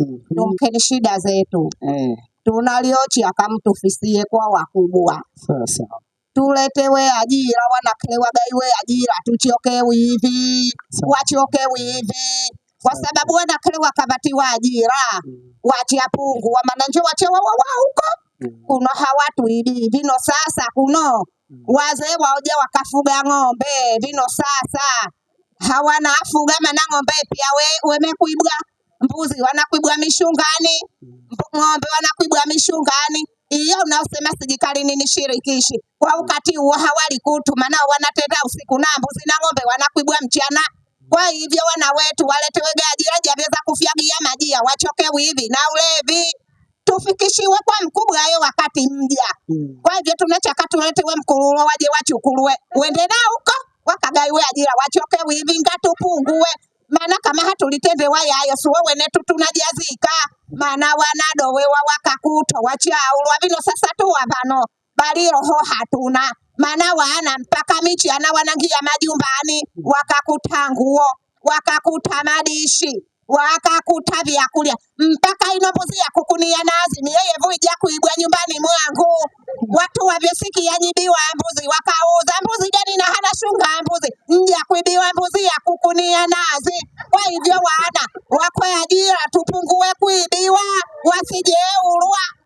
Mhm. tumkeni shida zetu eh. Tunaliochi akamtufisie kwa wakubwa sasa tuletewe ajira wanaklewagaiwe ajira tuchoke hivi wachoke hivi kwa sababu wanakele wakavatiwa ajira mm. wachapungu wamananje wachewawawa huko mm. kuno hawatuibi vino sasa kuno mm. wazee waoja wakafuga ng'ombe vino sasa hawana afuga mana ng'ombe pia we wemekuibwa mbuzi wanakwibwa mishungani, ng'ombe wanakwibwa mishungani. hiyo unaosema sijikalini nishirikishi kwa ukati huo hawali kutu, maana wanatenda usiku na mbuzi na ng'ombe wanakwibwa mchana. Kwa hivyo wana wetu waletewe ajira javeza kufyagia majia, wachoke hivi na ulevi tufikishiwe kwa mkubwa hayo wakati mja. Kwa hivyo tunachaka tuletewe mkululo waje wachukuruwe, wende na huko wakagaiwe ajira, wachoke hivi ngatupungue maana kama hatulitembewa yayo suwo wenetu tunajazika maana wanadowewa wakakuto wachaulwa vino sasa tuwa vano bali roho hatuna maana wana mpaka michi ana wanangia majumbani wakakuta nguo wakakuta madishi wakakuta vyakulia mpaka ino ya kukunia nazi ni yeye vuija kuibwa nyumbani mwangu watu wavyosikia nyibiwa mbuzi wakao kunia nazi. Kwa hivyo wana wakwe ajira, tupungue kuibiwa, wasijeurwa.